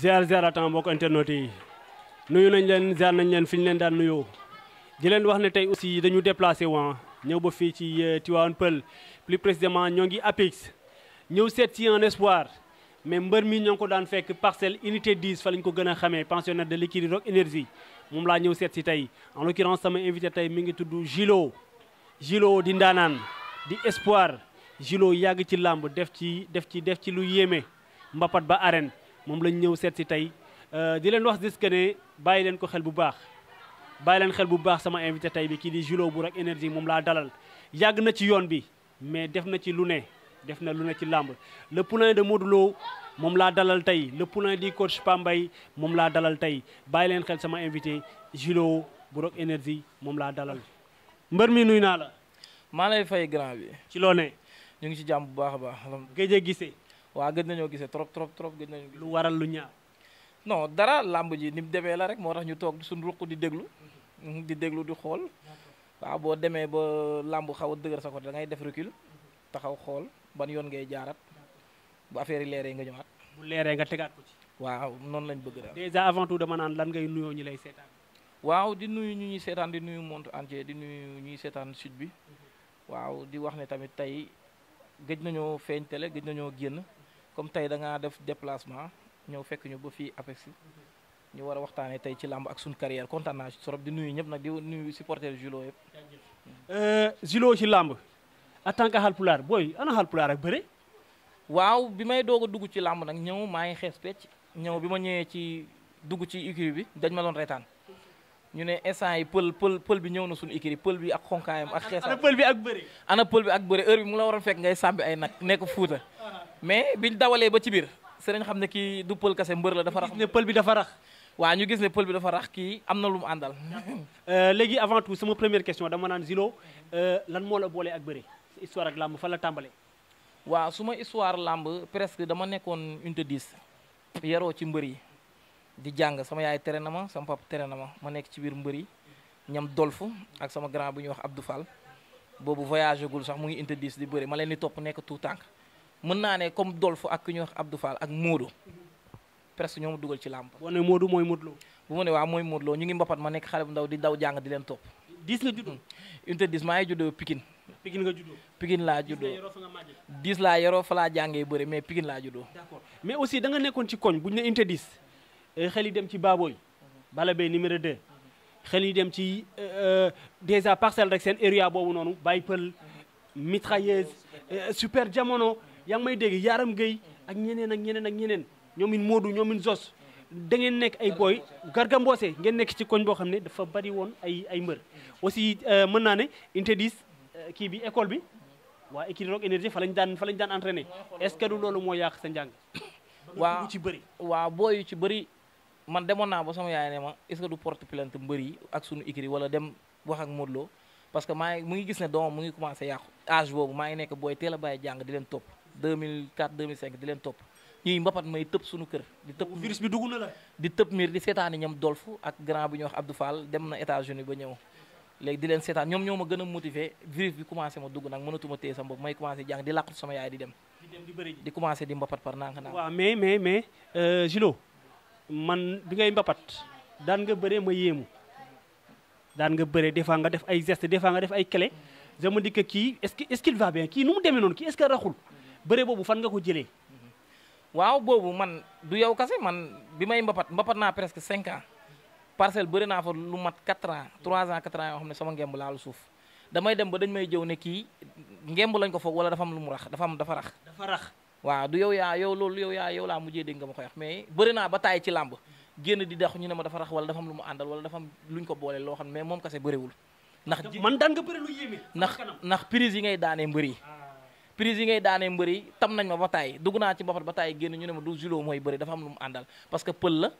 ziar ziaratam mbokk internet yi nuyu nañ leen ziar nañ leen fi ñu leen daan nuyoo di leen wax ne tey aussi dañu déplacé wan ñëw ba fii ci euh, Tivaouane Peulh plus précisément ñoo ngi APIX ñëw seet ci un espoir mais mbër mi ñoo ngi ko daan fekk parcelle unité 10 fa lañ ko gën a xamee pensionnaire de liquide rock énergie moom laa ñëw seet si tey en l'occurrence sama invité tey mi ngi tudd Gilo Gilo di ndaanaan di espoir Gilo yàgg ci làmb def ci def ci def ci lu yéeme mbapat ba arène moom lañ ñëw seet si tey euh, di leen wax juste que ne bàyyi leen ko xel bu baax bàyyi leen xel bu baax sama invité tey bi kii di Julo Buur ak énergie moom laa dalal yàgg na ci yoon bi mais def na ci lu ne def na lu ne ci làmb le la de Modou Lo moom laa dalal tey le poulain di coach Pambay moom laa dalal tey bàyyi leen xel sama invité Julo Buur ak énergie moom laa dalal mbër mi nuy naa la maa lay fay grand bi ci loo ne ñu ngi ci jàmm bu baax baax géej waa gëj nañoo gisee trop trop trop gëj nañoo lu waral lu ñaar non dara làmb ji ni mu demee la rek moo tax ñu toog suñu ruq di déglu. Mhm, di déglu di xool. waaw boo demee ba làmb xaw a dëgër sa côté da ngay def recul. taxaw xool ban yoon ngay jaarat bu affaire yi leeree nga ñëwaat. bu leeree nga tegaat ko ci. waaw noonu lañ bëgg daal. déjà avant tout dama naan lan ngay nuyoo ñu lay seetaan. waaw di nuyu ñu ñuy seetaan di nuyu monde entier di nuyu ñuy seetaan sud bi. Mhm. waaw di wax ne tamit tey gëj nañoo feeñ télé gëj nañoo génn. comme tey da ngaa def déplacement ñëw fekk ñu ba fii APEX ñu war a waxtaanee tey ci làmb ak suñu carrière kontaan naa ci di nuyu ñëpp nag di nuyu supporter Julo yëpp. Julo ci làmb en tant que Halpulaar booy ana Halpulaar ak bëre. waaw bi may doog dugg ci làmb nag ñëw maa ngi xees pecc ñëw bi ma ñëwee ci dugg ci écurie bi dañ ma doon reetaan. ñu ne instant yi pël pël pël bi ñëw na suñu ikiri pël bi ak xonkaayam ak xeesam ana pël bi ak bëri ana pël bi ak bëri heure bi mu la waroon fekk ngay sàmbi ay nag nekk fuuta mais biñ dawalee ba ci biir sëriñ xam ne kii du pël kase mbër la dafa rax ne pël bi dafa rax waaw ñu gis ne pël bi dafa rax kii am na lu mu àndal euh, léegi avant tout sama première question dama naan Zilo euh, lan moo la boolee ak bëri histoire ak lamb fa la tàmbalee waaw suma histoire lamb presque dama nekkoon de 10 yaroo ci mbër yi di jang sama yaay téré na ma sama papa téré na ma ma ci bir mbeuri ñam dolfu ak sama grand bu ñuy wax Abdou Fall bobu voyage gul sax mu ngi di beuri ma leen di topp nekk tout tank mën na né comme dolfu ak ñu wax Abdou Fall ak Modou presque ñoo duggal dugal ci lamp bo né Modou moy modlo bu ma né wa moy modlo ñu ngi mbapat ma nek xalé bu ndaw di daw jang di leen top dis nga juddoo. Hmm. interdis ma ay judo, Pikine. Pikine nga juddoo. Pikine la, judo dis la yoroo fa la jangé beuri mais Pikine la juddoo. d'accord mais aussi da nga nekkon ci cogne buñ né interdis Euh, xel yi dem ci baabooy bala bay numéro 2 xel yi dem ci euh, déjà parcelle rek seen area boobu noonu bàyyi pël mitrailleuse euh, super jamono yaa ngi may dégg yaaram géy ak ñeneen ak ñeneen ak ñeneen ñoomin moodu ñoomin zos da ngeen nekk ay booy garga mboose ngeen nekk ci koñ boo xam ne dafa bari woon ay ay mbër aussi mën naa ne interdis kii bi école bi waa Equiroc énergie fa lañ daan fa lañ daan entraîné est-ce que du loolu moo yàq sa njàng waaw booy ci bëri man demon na ba sama yaay ne ma est-ce du porte plainte mbeuri ak sunu ikri wala dem wax ak modlo parce que maa mu ngi gis ne doomam mu ngi commencer yak âge bobu maa ngi nekk booy teel a bàyyi jàng di len top 2004 2005 di len top ñuy mbapat may tepp sunu kër di tepp virus bi duguna la di tepp mir di seetaani ñam dolf ak grand bi ñu wax Abdou Fall dem na États-Unis ba ñew légui di len seetaan ñom ñoma ma gën motivé virus bi commencé ma dugg nag mënatuma téye sa mbokk may commencé jang di làqut sama yaay di dem di commencé di mbapat par nank nank wa mais mais mais Julo euh, man bi ngay mbapat daan nga bëree ma yéemu daan nga bëree des fois nga def ay geste des fois nga def ay clé je me dis que kii est ce que est ce qu'il va bien kii nu mu demee noonu kii est ce que raxul bëree bobu fan nga ko jëlee waaw bobu man du yow kasse man bi may mbapat mbapat na presque 5 ans parcelle bëri na fa lu mat 4 ans 3 ans 4 ans yo xamné sama ngemb laalu suuf damay dem ba dañ may jëw né ki ngemb lañ ko fokk wala dafa am lu mu rax dafa am dafa rax dafa rax waaw du yow yaa yow loolu yow yaa yow laa mujjee dégg nga ma koy wax mais bëri naa ba taay ci làmb génn di dax ñu ne ma dafa rax wala dafa am lu mu àndal wala dafa am luñ ko booleel loo xam ne mais moom kase bëriwul ndax man daan nga bëri lu yéeme ndax ndax prise yi ngay daanee mbër yi ah. prise yi ngay daanee mbër yi tam nañ ma ba taay dugg naa ci mbapat ba taay génn ñu ne ma du julo mooy bëri dafa am lu mu àndal parce que pël la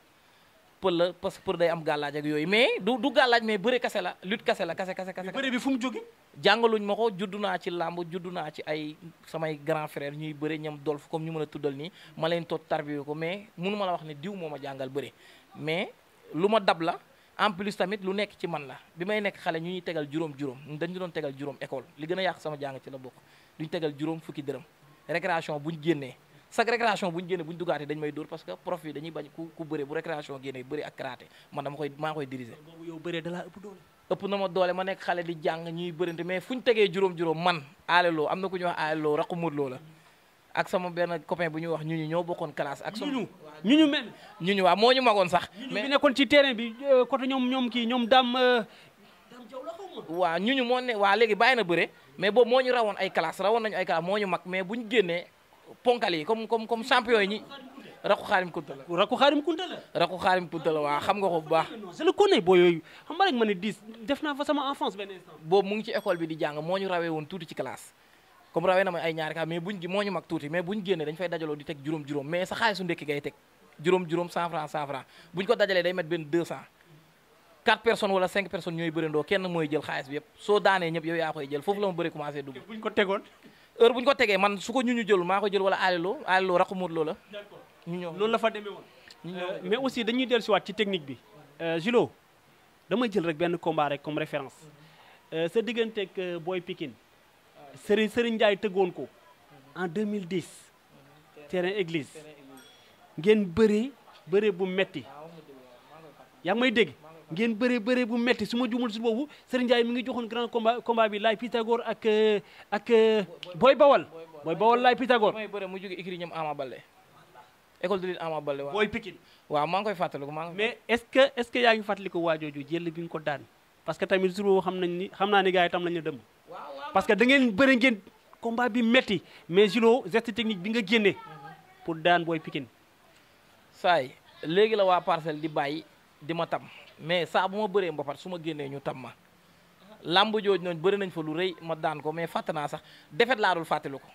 pël la parce que pour day am gàllaaj ak yooyu mais du du gàllaaj mais bëre kase la lutte kase la kase kase kase bëre bi fu mu jóge jàngaluñ ma ko juddu naa ci làmb juddu naa ci ay samay grand frère ñuy bëre ñam dolf comme ñu mën a tuddal nii ma leen toog tarbiyo ko mais mënu ma la wax ne diw moo ma jàngal bëre mais lu ma dab la en plus tamit lu nekk ci man la bi may nekk xale ñu ñuy tegal juróom-juróom dañu doon tegal juróom école li gën a yàq sama jàng ci la bokk duñ tegal juróom fukki dërëm récréation buñ génnee chaque récréation bu ñu génne bu ñu dugaatee dañ may dóor parce que prof yi dañuy bañ ku ku bëre bu récréation génne bëre ak karaté man dama koy maa koy diriger. ma doole ma nekk xale di jàng ñuy bërante mais fu ñu tegee juróom-juróom man aaleloo am na ku ñuy wax aaleloo raqu murloo la ak sama benn copain bu ñu wax ñu ñu ñoo bokkoon classe ak sama ñu ñu mel ñu ñu waa moo ñu magoon sax mais bi nekkoon ci terrain bi euh, côté ñoom ñoom kii ñoom daam daam jaw ñu ñu moo ne waa léegi bàyyi na bëre mais boobu moo ñu rawoon ay classe rawoon nañu ay classe moo ñu mag mais bu génnee ponkal yi comme comme comme champion yi ñi rakku xaarim kunta la rakku kharim kunta la rakku kharim kunta la wa xam nga ko bu baax je le connais bo yooyu xam nga rek mané 10 defna fa sama enfance ben instant bo mu ngi ci école bi di jang moñu rawé won touti ci classe comme rawé na ma ay ñaar ka mais buñu moo ñu mag tuuti mais buñu génné dañ fay dajalo di tek jurom jurom mais sa xaalisu ndek gay tek jurom jurom 100 francs 100 francs buñ ko dajalé day met ben 200 4 personnes wala 5 personnes ñoy bëre ndo kenn moy jël xaalis bi yépp so daané ñëp yow ya koy jël fofu la mo bëre commencé dugg buñ ko téggone heure bu ñu ko tegee man su ko ñu ñu jël maa ko jël wala aliloo aliloo raqu loo la. ñu ñëw loolu la fa demee woon. Euh, mais aussi dañuy dellusiwaat ci technique bi. Euh, Julo damay jël rek benn combat rek comme référence euh, sa digganteeg Boy Pikine Serigne Serigne Ndiaye tëggoon ko en 2010 terrain église ngeen bëree bëree bu metti yaa ngi may dégg. ngeen bëre bëree bu metti su ma jumul su boobu Serigne Ndiaye mi ngi joxoon grand combat combat bi laay Pythagore ak ak Boy Bawal Boy Bawal laay Pythagore mooy bëre mu jóge écrit ñoom Ama Baldé école de lutte Ama Baldé waaw Boy Pikine waaw maa ngi koy fàttaliku maa mais est-ce que est-ce que yaa ngi fàttaliku waajooju jël bi nga ko daan parce que tamit jour boobu xam nañ xam naa ni gars yi tam lañu dem parce que da ngeen bëri ngeen combat bi metti mais Julo geste technique bi nga génne pour daan Boy Pikine saay léegi la waa parcelle di bàyyi di ma tam mais saa bu ma bëree mbapat su ma génnee ñu tam ma làmb jooju noonu bëri nañ fa lu rëy ma daan ko mais fàtte naa sax defet laa dul fàttelu ko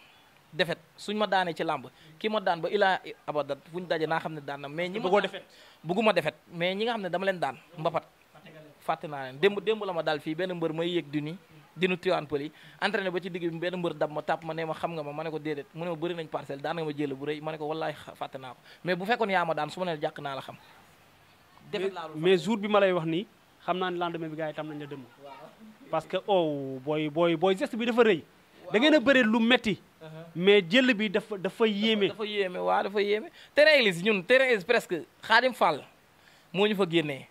defet suñ ma daanee ci làmb ki ma daan ba ilaa abadat fu ñu daje naa xam ne daan na mais ñi ma defet bugguma defet mais ñi nga xam ne dama daan mbapat fàtte naa la ma daal fii benn mbër may yëg di ni dinu tiwaan pël yi entraîné ba ci digg bi benn ma xam nga ma ma ne ko déedéet mu ne ma bëri parcelle daan nga ma jël bu rëy ma ne ko wallaay fàtte naa ko mais bu fekkoon yaa ma daan su ma ne jàkk naa la xam mais jour bi ma lay wax nii xam naa ne lendemain bi gars yi tam nañ la dëmm parce que oh booy booy booy geste bi dafa rëy da ngeen a bëri lu metti uh-huh. mais jël bi dafa dafa yéeme dafa yéeme waaw dafa yéeme terrain église ñun terrain église presque Xaadim Fall moo ñu fa génnee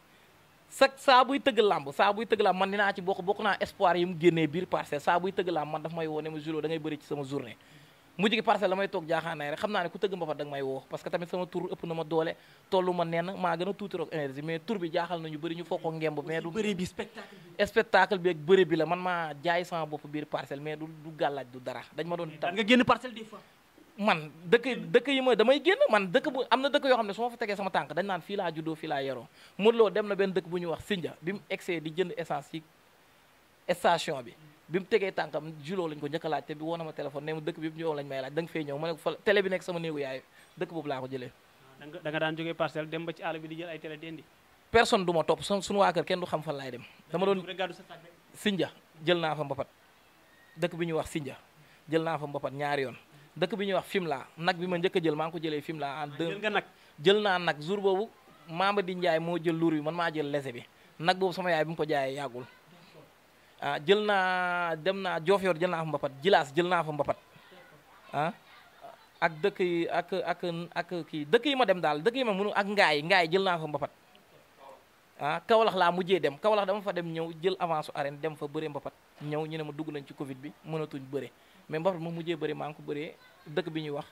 sa saa buy tëgg làmb saa buy tëgg làmb man dinaa ci bokk bokk naa espoir yi mu génnee biir parcelle saa buy tëgg làmb man daf may woo ne ma Julo da ngay bëri ci sama journée mujj gi parcelle damay toog jaaxaanaay rek xam naa ne ku tëgg mba fa dag may woo parce tamit sama tur ëpp na ma doole tollu ma nenn maa gën a tuuti roog énergie mais tur bi jaaxal nañu bëri ñu fokkoo ngemb mais du bëri bi spectacle bi ak bëri bi la man maa jaay sama bopp biir parcelle mais du du gàllaaj du dara dañ ma doon tam nga génn parcelle des fois man dëkk dëkk yi ma damay génn man dëkk bu am na dëkk yoo xam ne su ma tegee sama tànk dañ naan fii laa juddoo fii laa yaroo Modou na benn dëkk bu ñuy wax Sindia bi mu egsee di jënd essence ci station bi bi mu tegee tànkam julo lañ ko njëkk a laaj te bi woon na ma téléphone ne ma dëkk bi yëpp ñëw lañ ne ko fa télé bi nekk sama laa ko jëlee da nga daan jógee parcelle dem ba ci àll bi di jël ay télé di indi personne du ma topp su suñu waa kër kenn du xam fan laay dem dama doon jël naa fa mbapat dëkk bi ñuy wax Sinja jël naa fa mbapat ñaari yoon dëkk bi ñuy wax Fimela nag bi ma njëkk jël maa ngi ko jëlee Fimela en ah, deux jël naa nag jour boobu Mamadi Ndiaye moo jël luur bi man maa jël lese bi nag boobu sama yaay bi mu ko jaayee yàggul ah jël naa dem naa Diofior jël naa fa mbapat jilas jël naa fa mbapat ah ak dekk yi ak ak ak ki dekk yi ma dem dal dekk yi ma munu ak ngaay ngaay jël naa fa mbapat ah kawlax la mujjé dem kawlax dama fa dem ñew jël avance arène dem fa bëré mbapat ñew ñu ne ma dugg nañ ci Covid bi mënatuñ bëré mais mbapat ma mujjé bëré ma ngi ko bëré dekk bi ñu wax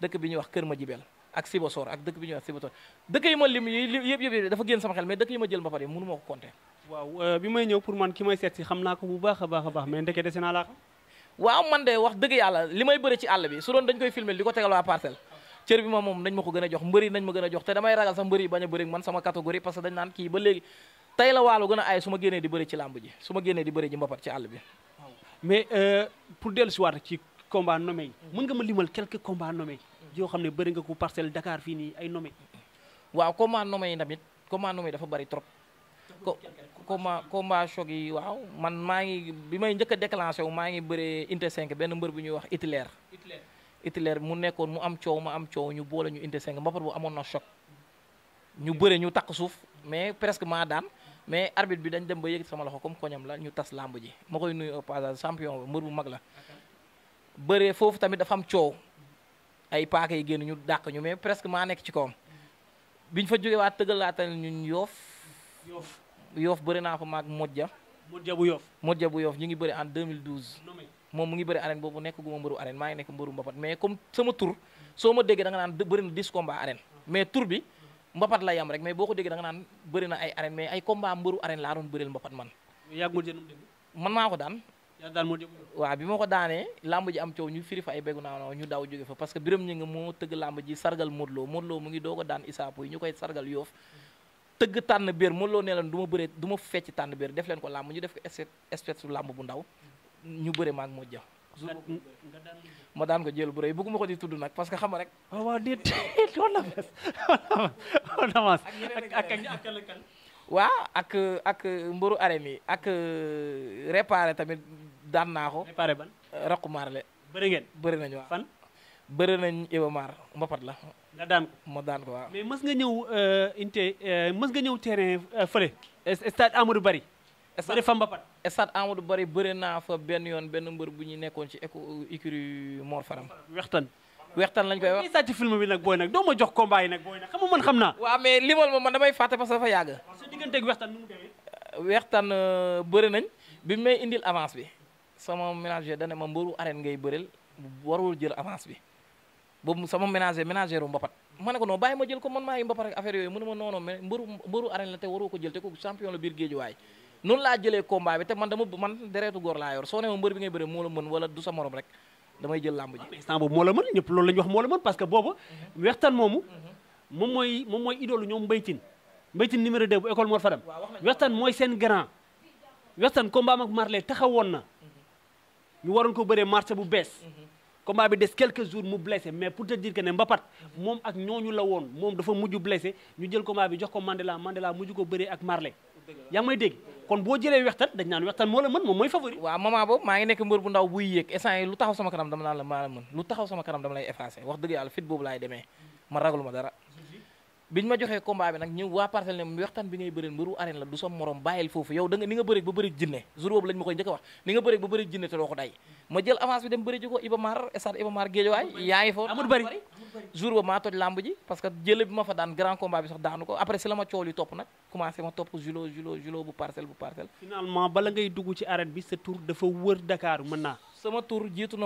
dekk bi ñu wax Kër ma jibel ak sibo sor ak dekk bi ñu wax sibo Sibassor dekk yi ma lim yi yëpp yëpp dafa gën sama xel mais dekk yi ma jël mbapat yi mënu moko compter waaw euh, bi may ñëw pour man ki may seet si xam naa ko bu baax a baax a baax mais ndeke dese naa laa xam waaw man de wax dëgg yàlla li may bëre ci àll bi su doon dañ koy filmer di ko tegal waa parcelle cër bi moom moom nañ ma ko gën a jox mbëri nañ ma gën a jox te damay ragal sax mbëri bañ a bëri man sama catégorie parce dañ naan kii ba léegi tey la waalo gën a aay su ma génnee di bëri ci làmb ji su ma génnee di bëri ji mbapat ci àll bi mais euh, pour dellu si combat combat choc yi waaw man maa ngi bi may njëkka a wu maa ngi bëree inte 5 benn mbër bu ñuy wax Hitler Hitler mu nekkoon mu am coow ma am coow ñu boole ñu inte 5 mbapat bu amoon na choc ñu bëre ñu takk suuf mais presque maa daan mais arbitre bi dañ dem ba yëg sama loxo comme koñam la ñu tas làmb ji ma koy nuyu au passage champion ba mbër bu mag la bëree foofu tamit dafa am coow ay paaka yi génn ñu dàq ñu mais presque maa nekk ci kawam biñ ñu yoof yoof bëri naa ko maag Modja. Modja bu yoof moom mu ngi bëri arène boobu nekk gu ma mbëru arène maa ngi nekk mbëru mbapat mais tur da nga naan bëri na bi mbapat la yam rek mais boo ko déggee da naan bëri ay arène mais ay combat mbëru arène laa doon bëreel mbapat man man maa daan waaw bi ma ko daanee lamb ji am coow ñu firi fa ay bégu naaw ñu daw jóge fa parce que biram ñi moo tëgg lamb ji sargal Modou Lo mu ngi doog a daan Issa ñu koy sargal yoof tëgg tànn biir Modou Lo nee leen du ma bëree du fecc tànn biir def leen ko làmb ñu def ko espèce su làmb bu ndaw ñu bëre maag moo jëm. ma daan ko jël bu rëy bëgguma ko di tudd nag parce que xam nga rek. Ah, waaw ak waa ak ak mbëru arène yi ak euh, réparé tamit daan naa ko. réparé ban. raqu maarle. bëri ngeen nañu waaw bëri nañ Iba mbapat la. nga daan ko ma daan ko waaw. mais mës nga ñëw euh, inte euh, mas nga ñëw terrain euh, fële. stade Amadou Barry. stade fa mbapat. stade Amadou Barry bëri naa fa benn yoon benn mbër bu ñu nekkoon ci éco écurie Mor Faram. wextaan wextaan lañ koy wax. lii sàcc film bi nag booy nag doo jox combat nag booy nag man xam naa. waaw mais limal ma man damay fàtte parce que dafa yàgg. waaw sa digganteeg bëri nañ bi may indil avance bi sama ménager dana ma mbëru arène ngay bëril warul jël avance bi. boobu sama ménager ménager wu mbapat ma ne ko non bàyyi ma jël ko man maa yi mbapat rek affaire yooyu mu ne ma non non mbëru mbëru la te waroo ko jël te ko champion la biir géejuwaay noonu laa jëlee combat bi te man dereetu góor laa yor soo ne ma mbër bi ngay bëre moo la mën wala du sa rek damay jël làmb ji ah, instant boobu moo la mën ñëpp loolu la wax moo la mën parce que boobu wextaan moomu moom mooy moom mooy idoolu ñoom mbaytin mbaytin numéro 2 bu école Mor Fadam wextaan mooy seen grand wextaan combat ak Marley ko bëree marché bu combat bi des quelques jours mu blessé mais pour te dire que ne Mbapat moom ak ñooñu woon moom dafa mujj blessé ñu jël combat bi jox ko Mandela Mandela mujj ko bëree ak Marley yaa may dégg kon boo jëlee wextan dañ naan wextan moo la mën moom mooy favori waaw moment boobu maa ngi nekk mbër bu ndaw buy yéeg instant yi lu taxaw sama kanam dama naan maa la mën lu taxaw sama kanam dama lay effacé wax dëgg yàlla fit boobu laay demee ma ragalu ma dara biñ ma joxee combat bi nag ñëw waa parcelle ne mu waxtaan bi ngay bëri mbëru arène la du sa morom bàyyil foofu yow ni nga bëri ba bëri jinne jour boobu lañ ma koy njëkk a wax ni nga bëri ba bëri jinne te doo ko ma jël avance bi dem bëri ji ko Iba Mar ma fa daan bi sax daanu ko après si la ma cool yi ma topp julo julo bu parcelle bu parcelle finalement bala ngay dugg ci arène bi sa tour dafa na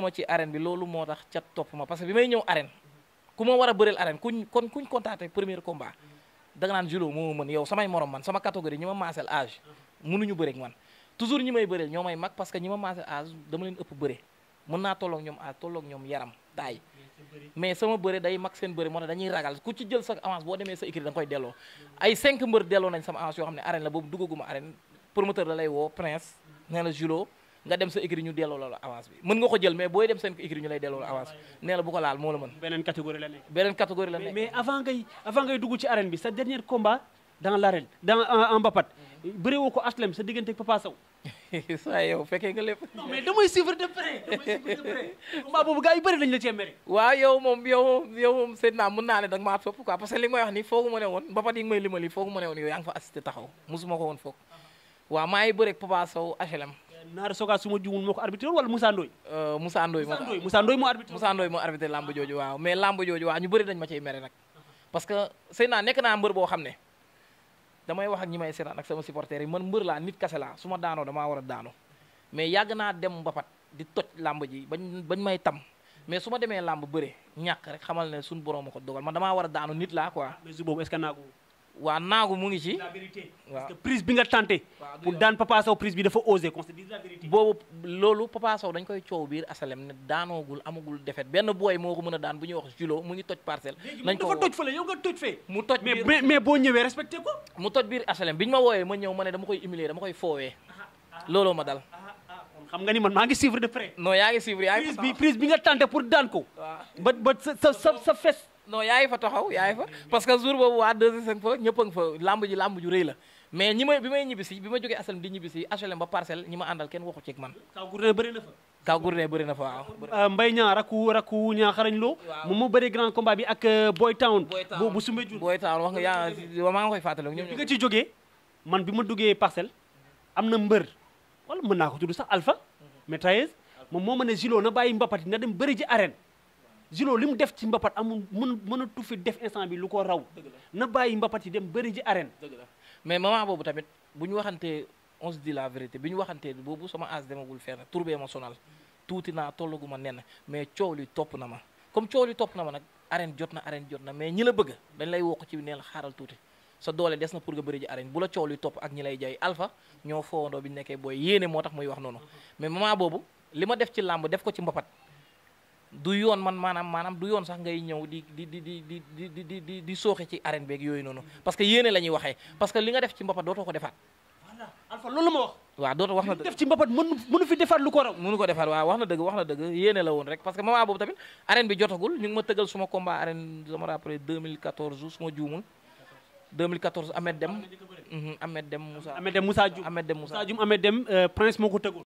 ma ci arène bi loolu moo tax ca topp ma parce que bi may ku ma war a bëreel arène kuñ kon kuñ combat da nga naan Julo moo samay morom man sama catégorie ñi ma maaseel âge mënuñu bëreeg man toujours ñi may bëreel ñoo may parce que ñi ma maaseel âge dama leen ëpp bëre mën naa tolloog ñoom âge tolloog ñoom yaram taay mais sama bëre day mag seen bëre moo tax dañuy ragal ku ci jël sa avance boo demee sa écrit da koy delloo ay cinq mbër delloo nañ sama avance yoo xam ne arène la boobu duggaguma arène promoteur da nga dem sa écrit ñu delloo la avance bi mën nga ko jël mais booy dem seen écrit ñu lay delloo la avance bi nee la bu ci arène bi sa dernier combat dans l'arène dans en mbapat bëree woo ko aslem sa diggante Papa Sow saa yow fekkee nga lépp non mais la cee mere waaw yow moom yow moom yow moom seen naa mën naa da nga maa topp quoi parce que li nga ne woon mbapat yi nga may limali foogu ma ne woon yow yaa ngi fa assisté taxaw mosuma ko woon foog ah. Naar Soga su ma juumul moo ko arbitré wala Moussa euh, Ndoye. Moussa Ndoye moo jooju waaw mais lamb jooju waaw ñu bëri dañ ma cay mere nag. parce que sëy naa nekk naa mbër boo xam ne damay wax ñi may seetaan a daano mais yàgg naa dem mbapat di tam mais ma demee lamb bëre ñàkk rek xamal ne suñu borom a ko dogal man damaa war a daanu nit laa quoi. mais su boobu ko waa naagu mu ngi ci. la vérité parce que bi nga tenté. pour daan Papa Sow prise bi dafa osé qu'on se boobu loolu Papa dañ koy coow biir asalem ne daanoogul amagul defet benn booy moo ko mën a daan bu ñuy wax julo mu ngi toj parcelle. nañ ko dafa toj fële yow nga toj fee. biir mais mais boo ñëwee respecté ko. mu toj biir asalem biñ ma wooyee ma ñëw ma ne dama koy humilier dama koy foowee ah, ah, ah. looloo ma dal. xam nga ni man maa ngi suivre de près. non yaa ngi suivre yaa ngi. prise bi nga tenté pour daan ko. ba ba sa sa sa fes non yaay fa taxaw yaay fa parce que jour boobu waa 2 fa ñëpp a fa làmb ji làmb la mais ñi may bi may ñibbisi bi ma jógee asalam di ñibbisi HLM ba parcelle ñi ma àndal na fa. kaw gurne bëri na fa waaw. Euh, mbay ñaa rakku ñaa xarañ loo. waaw moom moo bëree grand combat bi ak euh, Boy Town. Boy Town bu bu sumbe jur. Boy Town wax nga yaa maa ngi koy fàttali ñoom bi man bi ma duggee parcelle am na mbër walla mën naa ko tudd sax alfa mhm. mais Taïs moom moo ma ne Zilo na bàyyi mbapat na dem bëri ji arène Julo li mu def ci mbapat amul mën mënatu fi def instant bi lu ko raw. na bàyyi mbapat yi dem bëri ji arène. mais moment boobu tamit bu ñu waxantee on se la vérité bi ñu waxantee boobu sama as demagul fenn tur bee ma sonal tuuti naa tollaguma nen mais coow li topp na ma comme coow li topp na ma nag arène jot na arène jot na mais ñi la bëgg dañ lay wokk ci neel xaaral tuuti. sa doole des na pour nga bëri ji arène bu la coow li topp ak ñi lay jaay alpha ñoo foowandoo bi ñu moo tax muy wax noonu mm-hmm. mais moment boobu li ma def ci làmb def ko ci mbapat du yoon man maanaam maanaam du yoon sax ngay ñëw di di di di di di di ci arène beeg yooyu noonu parce que yéene la waxee parce que li nga def ci mbapat dootoo ko defaat. voilà Alpha loolu ma wax. fi defaat lu ko raw. mënu defaat waaw wax na dëgg wax na dëgg yéene la woon rek parce que moment boobu tamit arène bi jotagul ñu ngi ma tëggal suma combat arène je me rappelle 2014 su ma juumul. 2014 Ahmed Dem. Mhm, Ahmed Dem Moussa Dem Moussa Dioum Dem euh, Prince moo ko tëggoon.